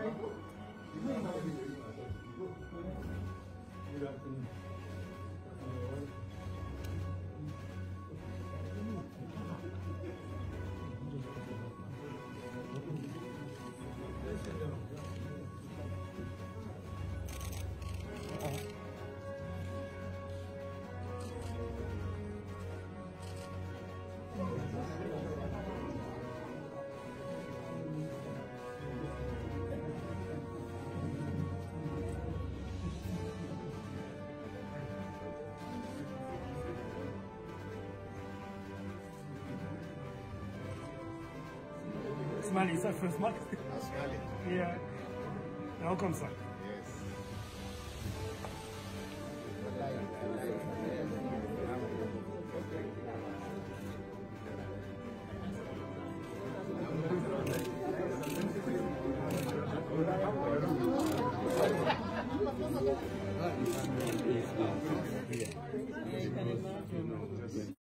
Thank you. Smiley, sir, yeah. Now come, sir.